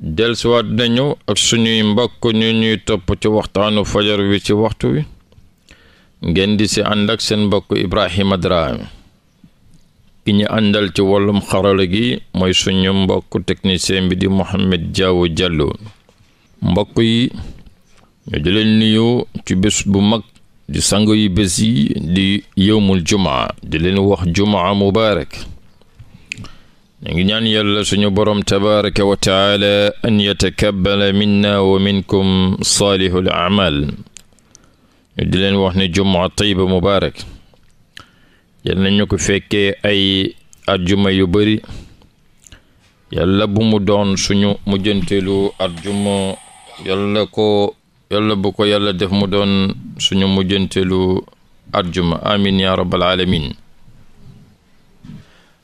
delsiwaat nañu ak suñuy mbokk ñu ñuy topp ci waxtaanu fajar wi ci waxtu wi ngeen di si ànd ak seen mbokk Ibrahima Drame ki ñu àndal ci wollum xarala gi mooy suñu mbokk technicien bi di Mohamed Diaw Diallo mbokk yi ñu di leen nuyu ci bés bu mag di sango yi bés yi di yowmul jumaa di leen wax jumaa mubaarak ñu ngi ñaan yàlla suñu borom tabaraka wa taala an yatakabbala minna wa minkum saalihul amal ñu di leen wax ne jumaa tayba mubaarak yal nañu ko fekkee ay ajjuma yu bari yàlla bu mu doon suñu mujjanteelu ajjuma yàlla ko yàlla def mu doon suñu mujjanteelu ajjuma amin ya rabbal alamin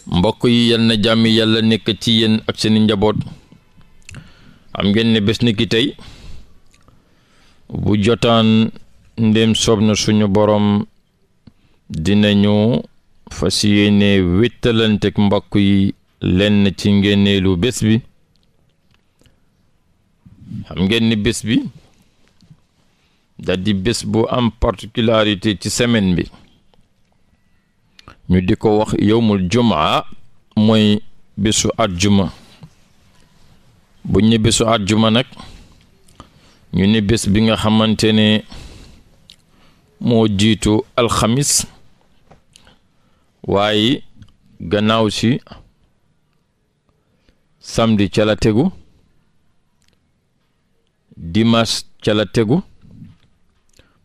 mbokk yi yal na jàmm yàlla nekk ci yéen ak seeni njaboot am ngeen ne bés ni tey bu jotaan ndéem soob na suñu boroom dinañu fas yéene wéttalantek mbokk yi lenn ci ngénneelu bés bi am ngeen ni bés bi daldi bés bu am particularité ci semaine bi ñu di ko wax yowmul jumaa mooy bésu àjjuma bu ñu ne nag ñu ne bés bi nga xamante ne moo jiitu alxamis waaye gannaaw si samedi ca la tegu dimanche ca la tegu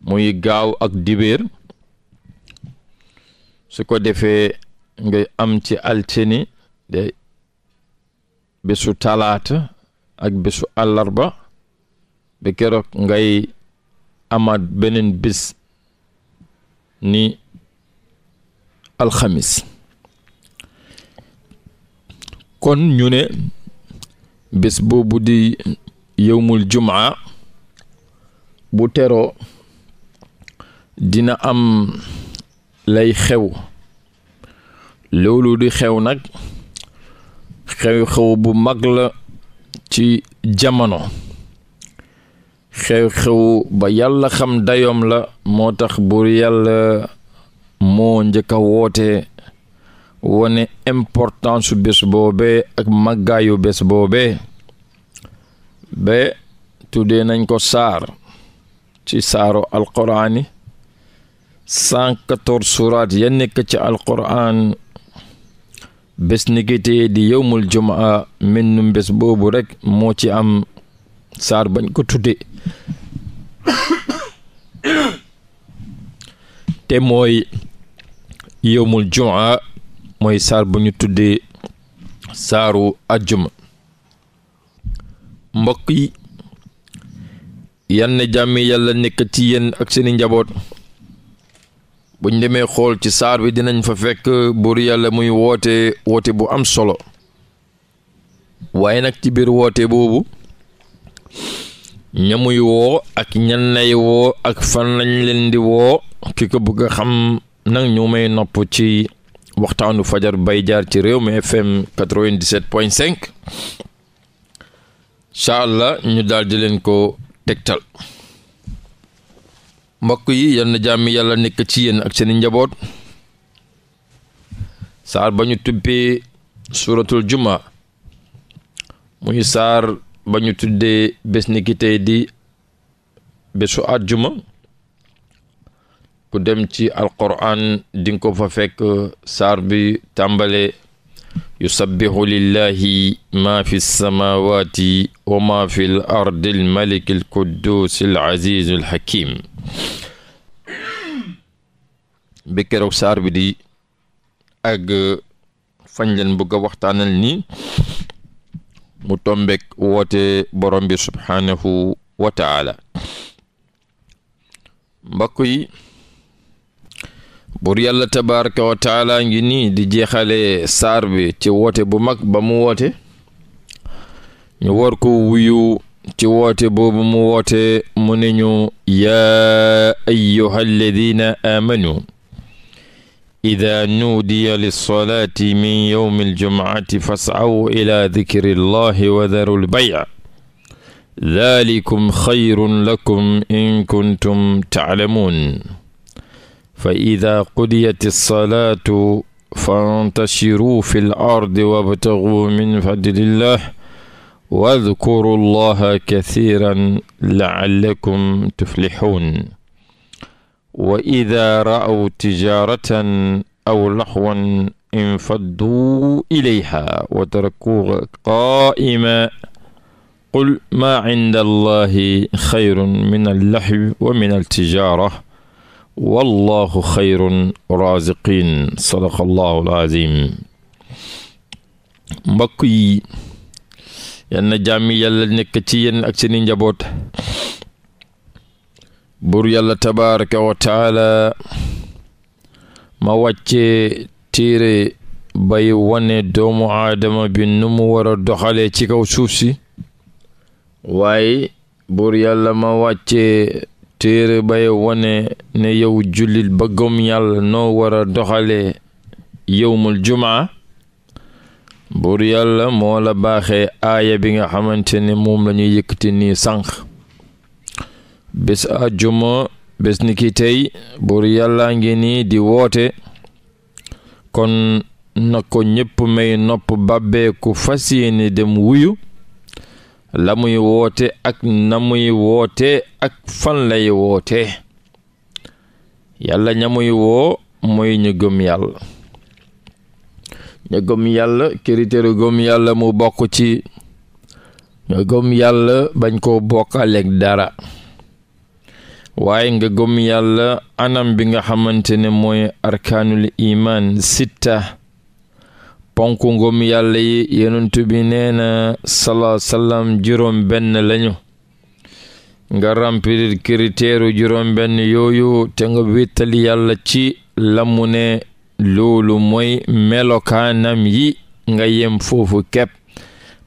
muy gaaw ak dibéer su ko defee nga am ci altine de bésu talaata ak bésu àllarba ba keroog ngay amaat beneen bis ni alxamis kon ñu ne bés boobu di yowmul jumaa bu teroo dina am lay xew loolu di xew nag xew-xew bu mag la ci jamono xew-xew ba yàlla xam dayoom la moo tax buur yàlla moo njëkka a woote wane importance su bés boobee ak màggaayu bés boobee ba tuddee nañ ko saar ci saaru alquraani 114 suuraat ya nekk ci alqur'aan bés ni di yowmul jumaa mennum bés boobu rekk moo ci am saar bañ ko tudde te mooy yowmul jumaa mooy saar bu tudde saaru ajjuma mbokk yi yann jàmmi yàlla nekk ci yenn ak seeni njaboot buñ demee xool ci saar bi dinañ fa fekk buur yàlla muy woote woote bu am solo waaye nag ci biir woote boobu ñamuy woo ak ñan lay woo ak fan lañ leen di woo ki ko bëgg a xam nag ñu may nopp ci waxtaanu fajar bay jaar ci réew mi FM 97.5 incha allah ñu daal di leen ko tegtal mbokk yi yal na jàmm yàlla nekk ci yéen ak seeni njaboot saar bañu ñu suuratul jumaa muy saar ba tuddee bés ni ki tey di bésu àjjuma ku dem ci alquran dinga ko fa fekk saar bi tàmbalee yusabbihu lillahi maa fi lsamawati wa maa fi l ardi almaliki alquddus alhakim bi keroog saar bi di ak fañ leen bëgg ni mu tombek woote borom bi subhaanahu wa taala yi buur yàlla tabaraka wa taala ngi nii di jeexale saar bi ci bu mag ba mu woote ñu war ko wuyu ci woote boobu mu woote mu ne ñu yaa ayyuha alladina aamanu ida nuudiya lissolaati min yowmi aljumuati fasaw ila dikri llahi wa daru lbaya dalikum xayrun in kuntum taalamuun fa ida qudiyat alsalaatu fantashiruu fi l ardi wabtaguu min fadlillah wadkuru allaha kathiran laallakum tuflixuun wa ida ra'aw tijaratan aw laxwan infadduu ilayha wa tarakuuka qaa'ima qul maa cinda allahi xayrun min allaxwi wa min altijara wallahu xayrun raziqin sadaqallahu alazim mbokk yi yenn jàmmi yàlla nekk ci yéen ak seeni njaboot buur yàlla tabaraka wa ma wàcce téere bay wane doomu aadama bi nu mu war a doxalee ci kaw suuf si waaye ma wàcce téere bay wone ne yow jullit ba gom yàlla noo war a doxalee yowmul jumaa buur yàlla moo la baaxee aaya bi nga xamante ne moom lañuy ñuy yëkkati nii sànq bés àjjuma bés ni ki tey buur yàlla ngi nii di woote kon na ko ñépp may nopp bàbbeeku fas yéene dem wuyu lamuy woote ak namuy woote ak fan lay woote yàlla ña muy woo mooy ñu gëm yàlla ñu gëm yàlla critère gëm yàlla mu bokk ci ñu gëm yàlla bañ koo bokkaleeg dara waaye nga gëm yàlla anam bi nga xamante ne mooy arkaanul iman sitta ponk ngëm yàlla yi yonent bi nee na salaa sallam juróom benn lañu nga remplir critère juróom benn yooyu te nga wéttali yàlla ci lamune ne loolu mooy melokaanam yi nga yem foofu kepp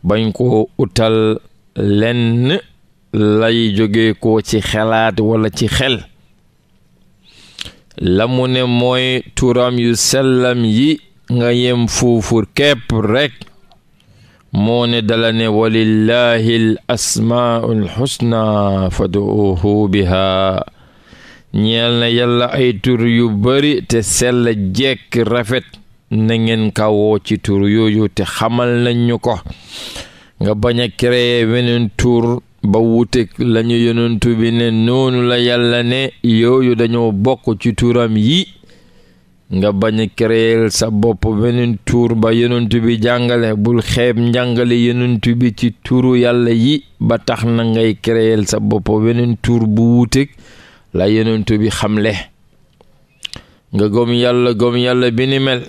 bañ ko utal lenn lay jóge ko ci xalaat walla ci xel lamu mooy turam yu sellam yi nga yem fuufur képp rekk moo ne dala ne walillahi l asmaul xusna faduuhu biha ñeel na yàlla ay tur yu bari te sell jekk rafet na ngeen kawoo ci tur yooyu te xamal nañ ñu ko nga bañ a créer weneen tur ba wutek lañu yonentu bi ne noonu la yàlla ne yooyu dañoo bokk ci turam yi nga bañ a sa bopp beneen tuur ba yonent bi jàngale bul xeeb njàngale yonent bi ci tuuru yàlla yi ba tax na ngay créer sa bopp beneen tuur bu wuuteeg la yonent bi xamle nga gom yàlla gom yàlla bi mel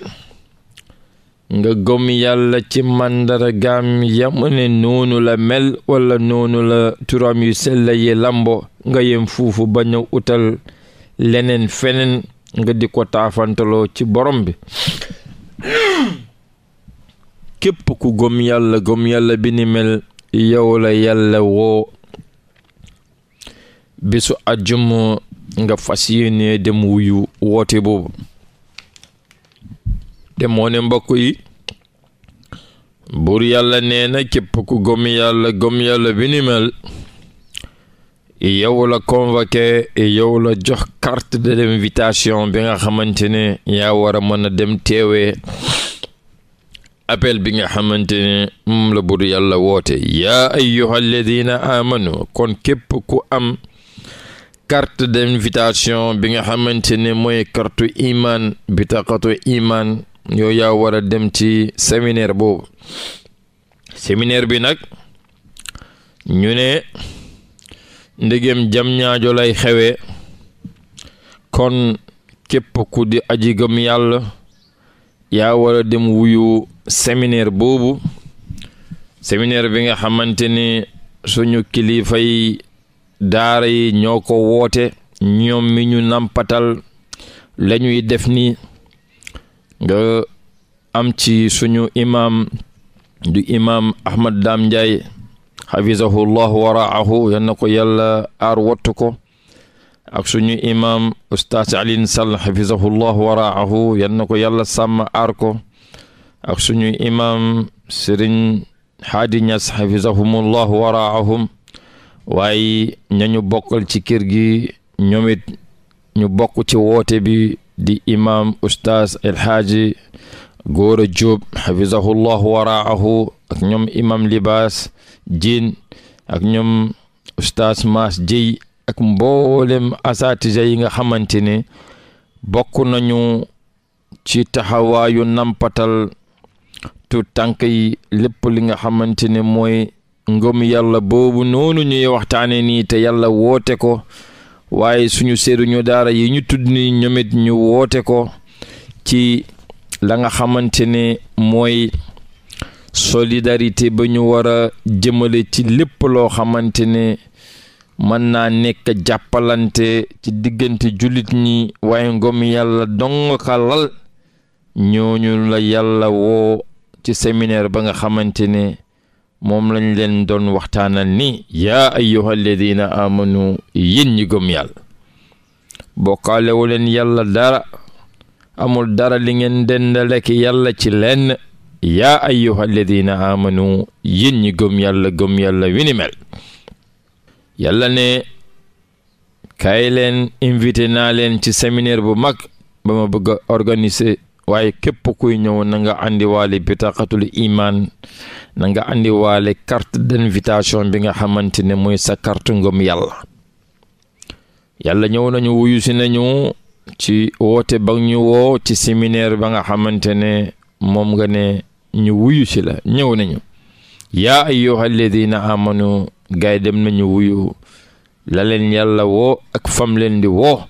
nga gom yàlla ci màndara gam ne noonu la mel wala noonu la turam yu sell yi lambo nga yem fuufu bañ a utal leneen feneen nga di ko taafantaloo ci borom bi képp ku gëm yàlla gom yàlla bi ni mel yow yàlla woo bisu àjjuma nga fas yéenee dem wuyu woote boobu te moo ne mbokk yi buur yàlla neena na képp ku gëm yàlla gëm yàlla bi ni yow la convoqué yow la jox carte de l'invitation bi nga xamante ne yaa war a mën dem teewee appel bi nga xamante ne moom la budu yàlla woote ya ayyuha alladina amanu kon képp ku am carte d'invitation bi nga xamante ne mooy carte iman bi taqatu iman yow yaa war dem ci séminaire boobu séminaire bi nag ñu ndegem jam ñaajo lay xewee kon képp ku di ajigam gëm yàlla yaa war a dem wuyu séminaire boobu séminaire bi nga xamante ni suñu kilifa yi daara yi ñoo ko woote ñoom miñu ñu nampatal lañuy def nii nga am ci suñu imam du imam Ahmad Dam xafizahu llahu waraahu yal na ko yàlla aar wattu ko ak suñu imam ustaas Alioune Sall xafizahu llahu waraahu yal na ko yàlla sàmm aar ko ak suñu imam Serigne Hadi Niass xafizahumu llahu waraahum waaye ñañu bokkal ci kër gi ñoom ñu bokk ci woote bi di imaam ustaas El Hadji góor a jóob xafisahullah waraahu ak ñoom imam libaas jiin ak ñoom ustaas maas jëy ak mboolem asatija yi nga xamante ne bokk nañu ci taxawaayu nampatal tu tànk yi lépp li nga xamante ne mooy ngoom yàlla boobu noonu ñuy waxtaane nii te yàlla woote ko waaye suñu seeduñu daara yi ñu tudd ñu woote ko ci la nga xamante ne mooy solidarité ba ñu war a jëmale ci lépp loo xamante ne mën naa nekk jàppalante ci diggante jullit ñi waaye ngom yàlla dong ka lal ñooñu la yàlla woo ci séminaire ba nga xamante ne moom lañ leen doon waxtaanal ni yaa ayyuha alladina amanu yéen ñi gëm yàlla bokkaale wu leen yàlla dara amul dara li ngeen dendalek yàlla ci lenn yaa ayyuha alladina amanu yéen ñi gëm yàlla gëm yàlla wini yàlla ne kaay leen invité naa leen ci séminaire bu mag ba ma bëgg a waaye képp kuy ñëw na nga àndiwaale bitaqatul iman na nga àndiwaale carte d'invitation bi nga xamante ne mooy sa carte ngëm yàlla yàlla ñëw nañu wuyu nañu ci woote ba ñu woo ci séminaire ba nga xamante ne moom nga ne ñu wuyu si la ñëw nañu yaa ayyuha alladina amanu gaay dem nañu wuyu la leen yàlla woo ak fam leen di woo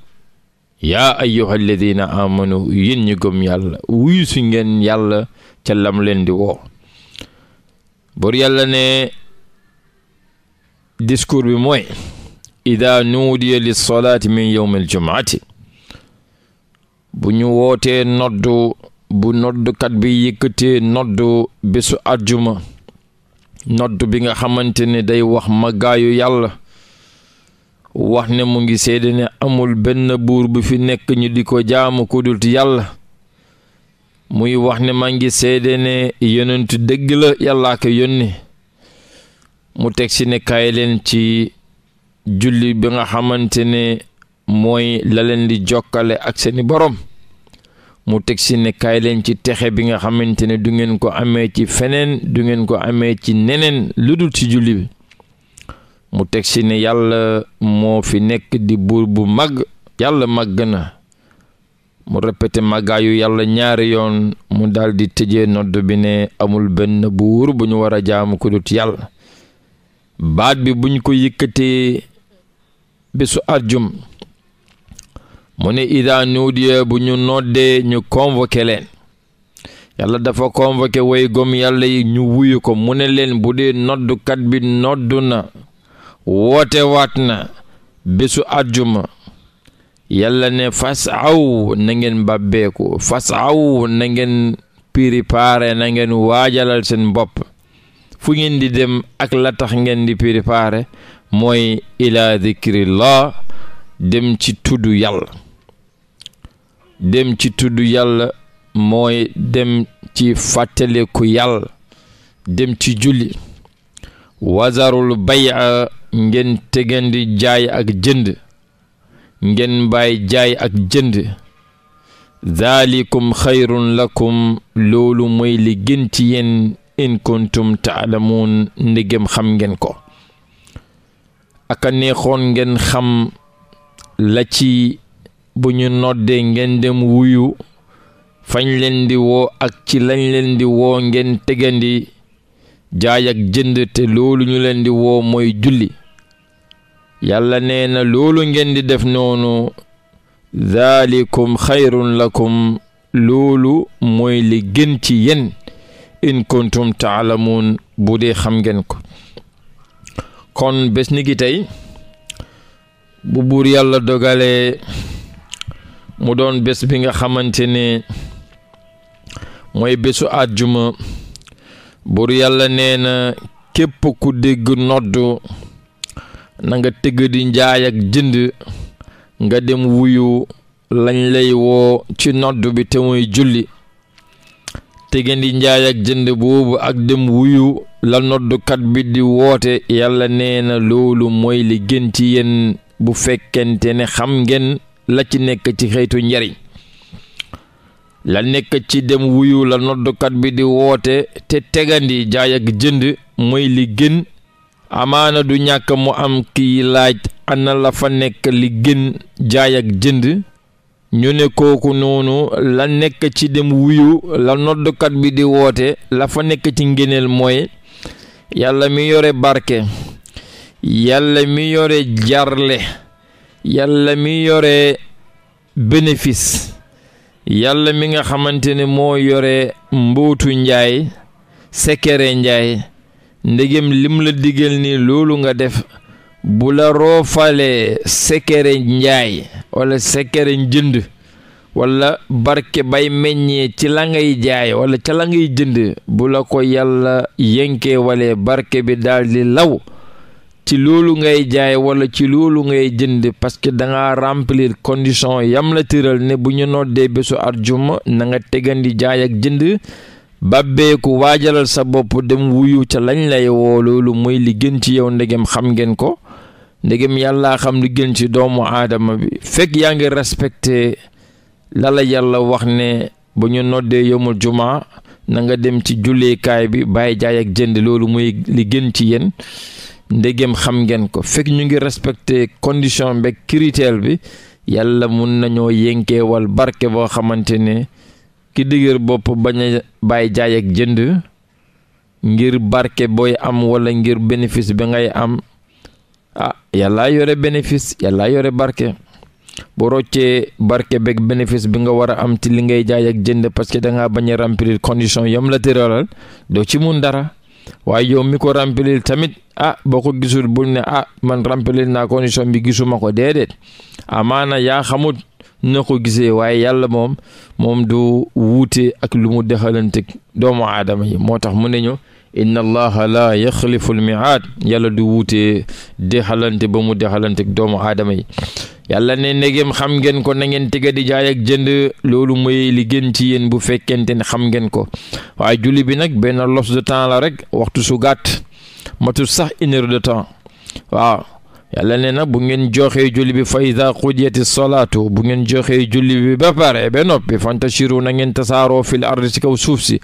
yaa ayyuha alladina amanu yéen ñu gëm yàlla wuyu si ngeen yàlla ca lam leen di woo bur yàlla ne discours bi mooy ida nuudiya lissolaati min yowm al jumaati bu ñu wootee noddu bu noddukat bi yëkkatee noddu bésu àjjuma noddu bi nga xamante ne day wax màggaayu yàlla wax ne mu ngi seede ne amul benn buur bu fi nekk ñu di ko jaamu ku dul yàlla muy wax ne maa ngi seede ne yonent dëgg la yàllaa ko yónni mu teg si ne kay leen ci julli bi nga xamante ne mooy la leen di jokkale ak seeni borom mu teg si ne kaay leen ci texe bi nga xamante ne du ngeen ko amee ci feneen du ngeen ko amee ci neneen lu dul ci julli bi mu teg si ne yàlla moo fi nekk di buur bu mag yàlla màgg na mu répété màggaayu yàlla ñaari yoon mu daldi tëjee nodd bi ne amul benn buur bu ñu war a jaamu ko yàlla baat bi buñ ko yëkkatee bésu arjum mu ne ida nuudiya bu ñu noddee ñu convoqué leen yàlla dafa convoqué way gom ñu wuyu ko mu ne leen bu dee noddukat bi noddu na woote wat na bésu àjjuma yàlla ne fas aw na ngeen bàbbeeku fas aw na ngeen préparé na ngeen waajalal seen bopp fu ngeen di dem ak la tax ngeen di préparé mooy ila dikrillah dem ci tudd yàlla dem ci tudd yàlla mooy dem ci fàttaliku yàlla dem ci julli wazarul bay'a ngeen tegandi jaay ak jënd ngeen bàyyi jaay ak jënd zaalikum la lakum loolu mooy li gën ci yéen in kuntum taalamuun ndegem xam ngeen ko aka neexoon ngeen xam la ci bu ñu noddee ngeen dem wuyu fañ leen di woo ak ci lañ leen di woo ngeen tegandi jaay ak jënd te loolu ñu leen di woo mooy julli yàlla nee loolu ngeen di def noonu zaalikum xayrun lakum loolu mooy li gën ci yéen in kuntum taalamuun bu dee xam ngeen ko kon bés ni bu buur yàlla dogalee mu doon bés bi nga xamante ne mooy bésu àjjuma buur yàlla nee na képp ku dégg nodd na nga tëgg di njaay ak jënd nga dem wuyu lañ lay woo ci nodd bi te mooy julli tëggandi njaay ak jënd boobu ak dem wuyu la noddukat bi di woote yàlla nee na loolu mooy li gën ci yéen bu fekkente ne xam ngeen la ci nekk ci xeetu njariñ la nekk ci dem wuyu la noddukat bi di woote te tegandi jaay jënd mooy li gën amaana du ñàkk mu am kiy laaj ana la fa nekk li gën jaay jënd ñu ne kooku noonu la nekk ci dem wuyu la noddukat bi di woote la fa nekk ci ngëneel mooy yàlla mi yore barke yàlla mi yore jarle yàlla mi yore bénéfice yàlla mi nga xamante ne moo yore mbootu njaay sekere njaay ndegem lim la digal ni loolu nga def bu la roofalee sekere njaay walla sekere njënd wala barke meññee ci la ngay jaay wala ca ngay jënd bu la ko yalla yenkee wale barke bi daal law ci loolu ngay jaay wala ci loolu ngay jënd parce que da nga remplir yam la tëral ne bu ñu noddee bésu arjuma na nga tegandi jaay ak jënd bàbbeeku waajalal sa bopp dem wuyu ca lañ lay woo loolu mooy li gën ci yow ndegem xam ngeen ko ndegem yàllaa xam li gën ci doomu aadama bi fekk yaa ngi respecté lala yàlla wax ne bu ñu noddee yomul jumaa na nga dem ci julleekaay bi bàyyi jaay ak jënd loolu mooy li gën ci yéen ndegem xam ngeen ko fekk ñu ngi respecté condition mbeg critère bi yàlla mun nañoo yënkeewal barke boo xamante ne ki dëgër bopp bañ a bàyyi jaay ak jënd ngir barke booy am wala ngir bénéfice bi ngay am ah yàlla yore bénéfice yàlla yore barke boo roccee barke beeg bénéfice bi nga war a am ci li ngay jaay ak jënd parce que da ngaa bañ a condition yom la tëralal doo ci mun dara waaye yow mi ko remplir tamit ah boo ko gisul bul ne ah man remplir naa condition bi gisuma ko déedéet na yaa xamut na ko gisee waaye yàlla moom moom du wuute ak lu mu dexalante doomu aadama yi moo tax mu ne ñu inna allaha la yaxlifu almiaad yàlla du wuute dexalante ba mu dexalante doomu aadama yi yàlla ne ndegem xam ngeen ko na ngeen tega di jaay ak jënd loolu mooy li gën ci yéen bu fekkente ne xam ngeen ko waaye julli bi nag benn laps de temps la rek waxtu su gàtt matul sax une heure de temps waaw yàlla nee na bu ngeen joxee julli bi fa ida qudiyati salaatu bu ngeen joxee julli bi ba pare ba noppi fantashiru na ngeen tasaaroo fi ardi ci kaw suuf si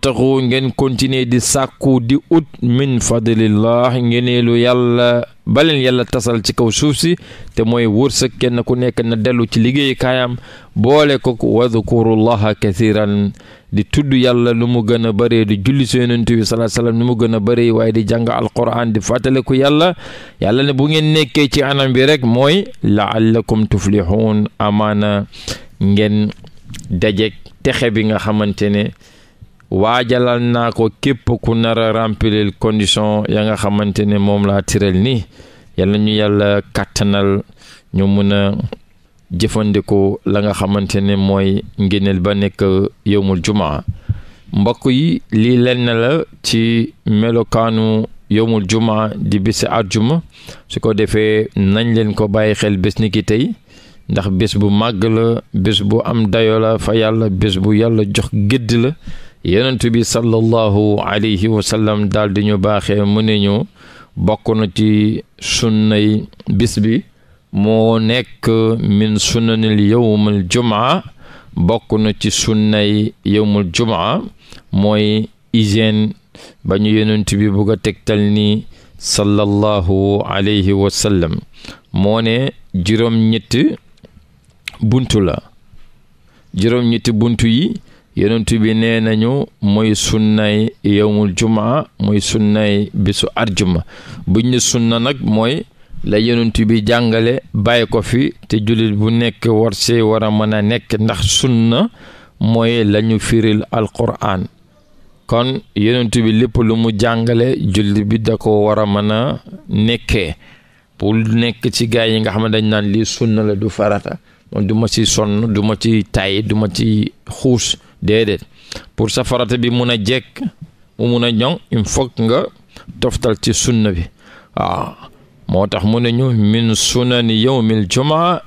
taxu ngeen continuer di sàkku di ut min fadlillah ngeneelu yàlla baleen yàlla tasal ci kaw suuf si te mooy wërsëg kenn ku nekk na dellu ci liggéey kaayam boole ko ko wadkurullaha kathiran di tudd yàlla lu mu gën a bëree di julli si yonent bi salaa salaam lu mu gën a bëree waaye di jàng alquran di fàttaliku yàlla yàlla ne bu ngeen nekkee ci anam bi rek mooy laallakum tuflihun amaana ngeen dajek texe bi nga xamante ne waajalal naa ko képp ku nar a remplir condition ya nga xamante ne moom laa tiral nii yàlla ñu yàlla kàttanal ñu mën a jëfandikoo la nga xamante ne mooy ngéneel ba nekk yowmul jumaa mbokk yi lii lenn la ci melokaanu yowmul jumaa di bési àjjuma su ko defee nañ leen ko bàyyi xel bés ni ki tey ndax bés bu màgg la bés bu am dayo la fa yàlla bés bu yàlla jox gëdd la yonent bi sallallahu alayhi wa sallam daal di ñu baaxe mu ne ñu bokk na ci sunnay bis bi moo nekk min sunnanil yowmul jumaa bokk na ci sunnay yowmul jumaa mooy hygiène ba ñu yonent bi bugg tegtal ni sallallahu alayhi wa sallam moo ne juróom-ñetti buntu la juróom-ñetti buntu yi yonent bi nee nañu mooy sunnay yowmul jumaa mooy sunnay bisu arjuma buñ ne sunna nag mooy la yonent bi jàngale bàyyi ko fi te jullit bu nekk war see war a mën a nekk ndax sunna mooy la ñu firil alquran kon yonent bi lépp lu mu jàngale jullit bi da ko war a mën a nekkee pour nekk ci gaay yi nga xam ne dañ naan lii sunna la du farata man du ma ci sonn du ma ci tay duma ci xuus déedéet pour sa bi mun a jekk mu mun a ñoŋ il faut nga toftal ci sunna bi waaw moo tax mu ne ñu min yow yawmil jumaa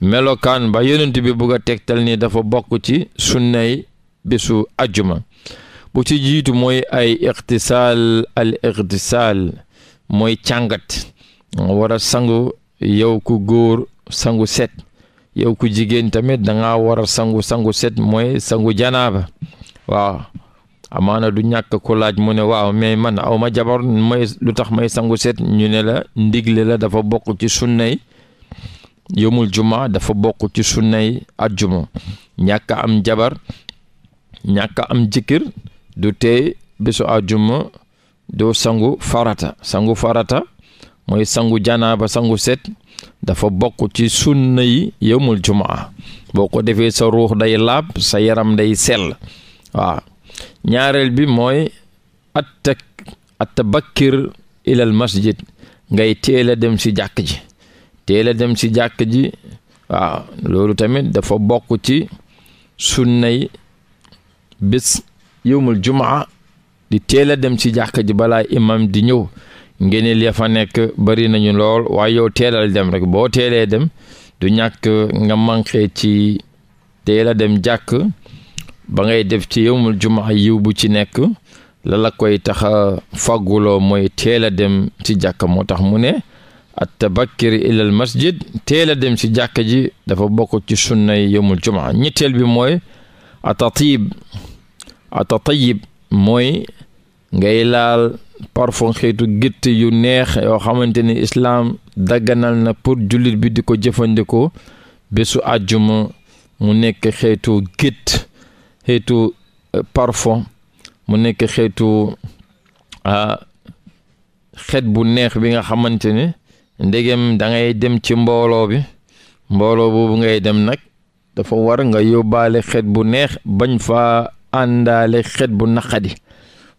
melokaan ba yonent bi bugg tegtal ni dafa bokk ci sunnay bisu ajjuma bu ci jiitu mooy ay iqtisaal al iqtisaal mooy càngat war a sangu yow ku góor sangu set yow ku jigéen tamit danga nga war sangu sangu set mooy sangu janaaba waaw amaana du ñàkk ko laaj mu ne waaw mais man aw ma jabar may lu tax may sangu set ñu ne la ndigle la dafa bokk ci sunnay yomul juma dafa bokk ci sunnay ajjuma ñàkk am jabar ñàkk am jëkkër du tey bésu ajjuma doo sangu farata sangu farata mooy sangu ba sangu set dafa bokk ci sunna yi yowmul jumaa boo ko defee sa ruux day laab sa yaram day sell waaw ñaareel bi mooy attak attabakkir ilal masjid ngay teel a dem si jàkk ji teel a dem si jàkk ji waaw loolu tamit dafa bokk ci sunnay bés yowmul jumaa di teel a dem si jàkk ji balaa imam di ñëw ngeneel ya fa nekk bari nañu lool waaye yow teelal dem rek boo teelee dem du ñàkk nga manqué ci teel a dem jàkk ba ngay def ci yowmul jumaa yiw bu ci nekk la la koy tax a mooy teela dem ci jàkk moo tax mu ne at tabakkir ilal teel a dem ci jàkk ji dafa bokk ci sunnay yowmul jumaa ñetteel bi mooy atatib atatayib mooy ngay laal parfum xeetu gétt yu neex yoo xamante ni islaam dagganal na pour jullit bi di ko jëfandikoo bésu àjjuma mu nekk xeetu gétt xeetu euh, parfum mu nekk xeetu euh, xeet bu neex bi nga xamante ni ndegem dangay dem ci mbooloo bi mbooloo boobu ngay dem nag dafa war nga yóbbaale xeet bu neex bañ fa àndaale xeet bu naqadi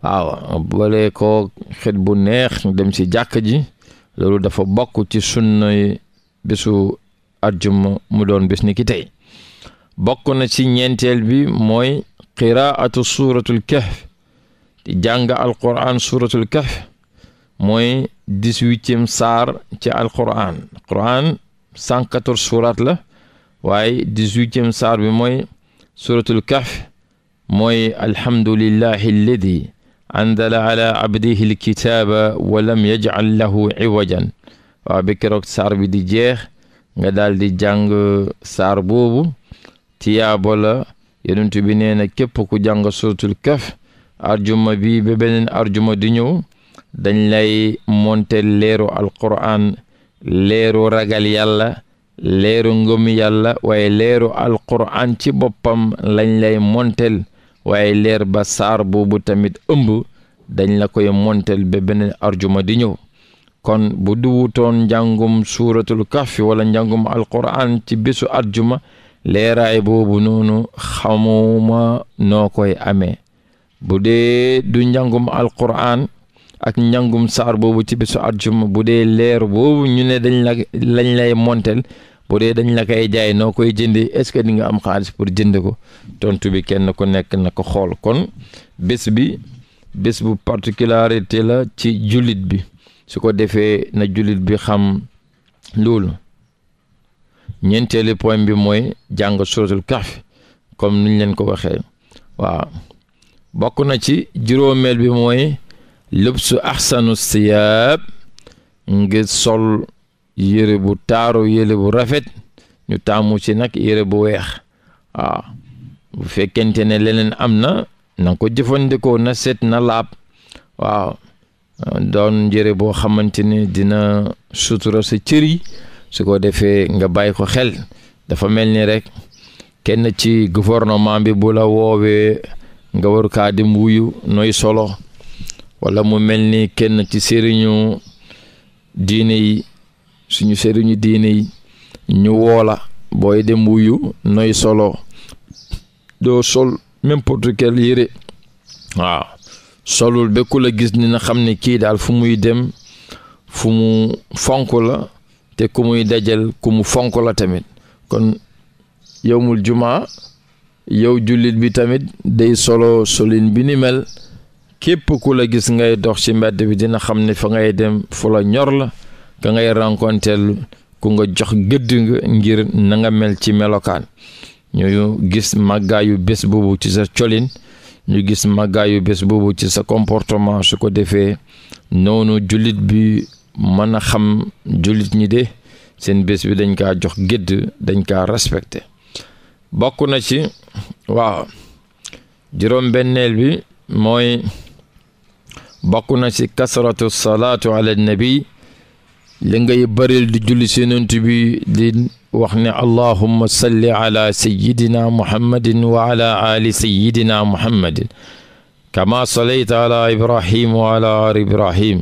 waaw boole ko xet bu neex dem ci jàkk ji loolu dafa bokk ci sunnay bisu àjjuma mu doon bis ni tey bokk na ci ñeenteel bi mooy qiraatu suuratul kahf di jàng alquran suuratul kahf mooy dix-huitième saar ci alquran quran cent quatorze la waaye dix-huitième saar bi mooy suuratul kahf mooy alhamdulillahi alladi anzala ala abdihi alkitaaba wa lam yajcal lahu iwajan waaw bi keroog saar bi di jeex nga daldi di jàng saar boobu tiyaabo la bi nee na képp ku jàng suratul kaf arjuma bi ba beneen arjuma di ñëw dañ lay monte leeru alquran leeru ragal yàlla leeru ngëm yàlla waaye leeru alquran ci boppam lañ lay montel waaye leer ba saar boobu tamit ëmb dañ la koy montel ba beneen arjuma di ñëw kon bu duwutoon njàngum suuratul kafi wala njàngum alquran ci bésu arjuma leeraay boobu noonu xamuma noo koy amee bu dee du njàngum alquran ak njàngum saar boobu ci bésu arjuma bu dee leer boobu ñu ne dañ la lañ lay montel bu dee dañ la koy jaay noo koy jëndee est-ce que di nga am xaalis pour jënd ko tontu bi kenn ko nekk na ko xool kon bés bi bés bu particularité la ci jullit bi su ko defee na jullit bi xam loolu ñeenteelu point bi mooy jàng suratul kahf comme niñ leen ko waxee waaw bokk na ci juróomeel bi mooy lubsu ahsanu siyaab nga sol yére bu taaru yére bu rafet ñu taamu ci nag yére bu weex waaw bu fekkente ne leneen am na na ko jëfandikoo na seet na laab waaw doon yére boo xamante ne dina sutura sa cër yi su ko defee nga bàyyi ko xel dafa mel ni rek kenn ci gouvernement bi bu la woowee nga war kaa dem wuyu nooy solo wala mu mel ni kenn ci sëriñu diine yi suñu sëriñu diine yi ñu woola booy dem wuyu noy solo doo sol n'importe quel yére waaw solul ba a gis ni na xam ne kii daal fu muy dem fu mu fonk la te ku muy dajal ku mu fonk la tamit kon yowmul jumaa yow jullit bi tamit day solo solin bi ni mel képp ku la gis ngay dox ci mbedd bi dina xam ne fa ngay dem fu la ñor la ka ngay rencontreel ku nga jox gëdd ngir nanga mel ci melokaan ñu gis màggaayu bés boobu ci sa colin ñu gis màggaayu bés boobu ci sa comportement su ko defee noonu jullit bi mën a xam jullit ñi de seen bés bi dañ kaa jox gëdd dañ kaa respecté bokk na ci waaw juróom-benneel bi mooy bokk na ci kasratu salaatu ala nabi li ngay bëril di julli sinant bi di wax ne allahumma salli ala sayidina muhammadin wa ala ali sayidina muhammadin kama salayta ala ibrahim wa ala ibrahim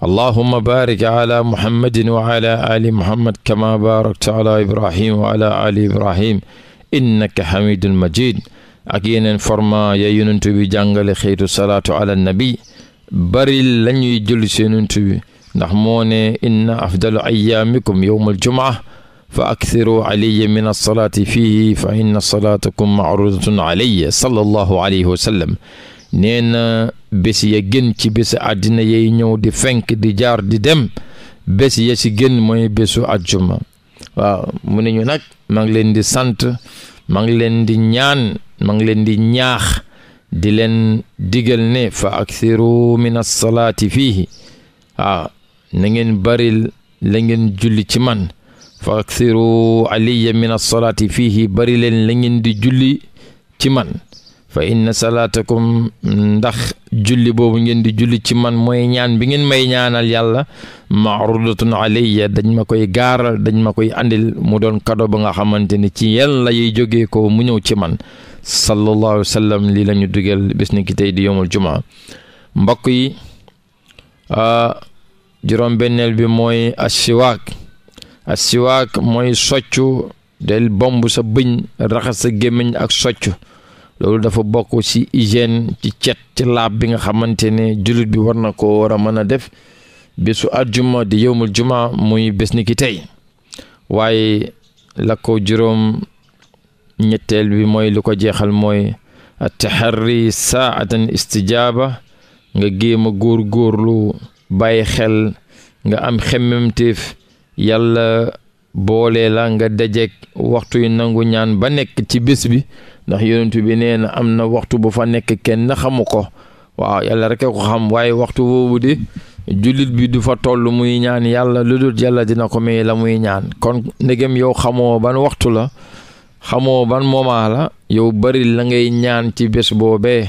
allahumma barik ala muhammadin wa ala ali muhammad kama barakta ala ibrahim wa ali ibrahim innaka hamidun majid ak yeneen format ya yonent bi jàngale xeetu salaatu ala nabi bari lañuy julli sinant bi ndax moo ne inna afdalu ayaamikum yowma aljumaa fa aksiru alayya min alsalaati fiihi fa inna salaatakum maarudatun alayya sallallahu alayhi wa sallam nee na bés ya gën ci bésu àddina yay ñëw di fenk di jaar di dem bés ya ci gën mooy bésu àjjuma waaw mu ne ñu nag maa leen di sant maa ngi leen di ñaan maa ngi leen di ñaax di leen digal ne fa aksiru min alsalaati fiihi waaw na ngeen baril ngeen julli ci man fa aksiru aliya min alsalaati fiihi bari leen la ngeen di julli ci man fa inna salaatakum ndax julli boobu ngeen di julli ci man mooy ñaan bi ngeen may ñaanal yàlla ma maarudatun alayya dañ ma koy gaaral dañ ma koy andil mu doon kado ba nga xamante ne ci yàlla yay jóge ko mu ñëw ci man sallallahu alayhi wa sallam lii la ñu bés ni ki di yomul jumaa mbokk yi ah, juróom benneel bi mooy asiwaak asiwaak mooy soccu del bomb sa bëñ raxas sa gémmiñ ak soccu loolu dafa bokk ci hygiène ci cet ci laab bi nga xamante ne jullit bi war na ko war a mën a def bésu àjjuma di yowmul juma muy bés ni ki tey waaye la ko juróom ñetteel bi mooy lu ko jeexal mooy taxarri saatan istijaaba nga géem a góor góorlu bàyyi xel nga am xemmemteef yàlla boole la nga dajeek waxtu yu nangu ñaan ba nekk ci bés bi ndax yonent bi nee na am na waxtu bu fa nekk kenn xamu ko waaw yàlla rek ko xam waaye waxtu woowu de jullit bi du fa toll muy ñaan yàlla lu dul yàlla dina ko may la muy ñaan kon ndegem yow xamoo ban waxtu la xamoo ban moment la yow bari la ngay ñaan ci bés boobee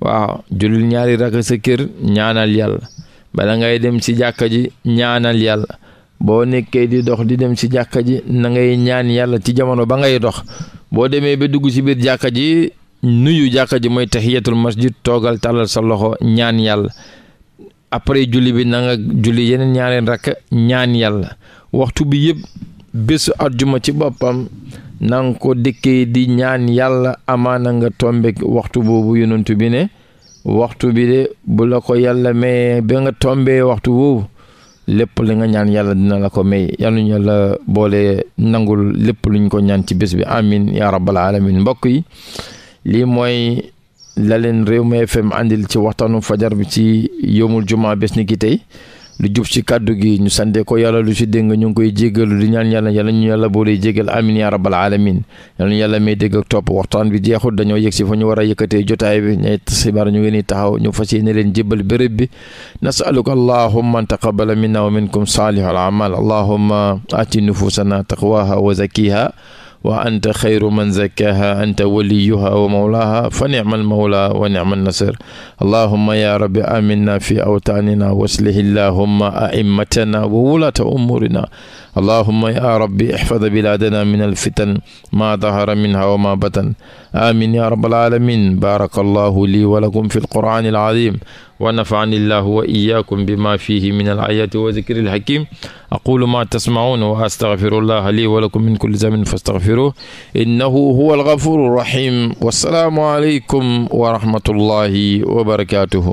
waaw jullit ñaari raka sa kër ñaanal yàlla bala ngay dem ci jàkka ji ñaanal yàlla boo nekkee di dox di dem ci jàkka ji na ngay ñaan yàlla ci jamono ba ngay dox boo demee ba dugg ci biir jàkka ji nuyu jàkka ji mooy tahiyatul masjid toogal tàllal sa loxo ñaan yàlla après julli bi nanga julli yeneen ñaareen rakk ñaan yàlla waxtu bi yëpp bésu àjjuma ci boppam na ko dëkkee di ñaan yàlla amaana nga tombe waxtu boobu yonantu bi ne waxtu bi de bu la ko yàlla mayee ba nga tombee waxtu woowu lépp li nga ñaan yàlla dina la ko may yàlla ñu la boole nangul lépp luñ ko ñaan ci bés bi amin ya rabbal alamin mbokk yi lii mooy la leen réew Rewmi FM àndil ci waxtaanu fajar bi ci yomul juma bés ni ki tey lu jub ci kàddu gi ñu sante ko yàlla lu si dégg ñu ngi koy jéggalu di ñaan yàlla yàlla ñu yàlla boo dee jéggal amin ya rabbal alamin yàlla ñu yàlla may dégg ak topp waxtaan bi jeexul dañoo yëg si fa ñu war a yëkkatee jotaay bi ñay xibaar ñu ngi ni taxaw ñu fas yéene leen jébbal béréb bi nasaluka allahumma an taqabala minna wa minkum salihal amal allahumma ati nufusana taqwaha wa zakiha wa anta xayru man zakkaaha anta waliyuha wa mawlaaha fa ni'mal mawla wa ni'man nasir allahumma ya rabbi aminna fi awtaanina waslih allahumma a'immatana wa wulaata umuurina allahuma ya rabbi ixfad bilaadana min alfitan maa dahara minha wa maa batan amin ya rabbal alamin baraka allahu lii wa lakum fi alqur'an alazim wa nafani illahu wa iyaakum bima fihi min alayati wa zikri alhakim aqulu ma tasmaun wa astaghfiru allah lii wa lakum min kulli zamin fastaghfiruh innahu huwa alghafuru rahim wassalaamu aleykum wa rahmatullahi wa barakatuhu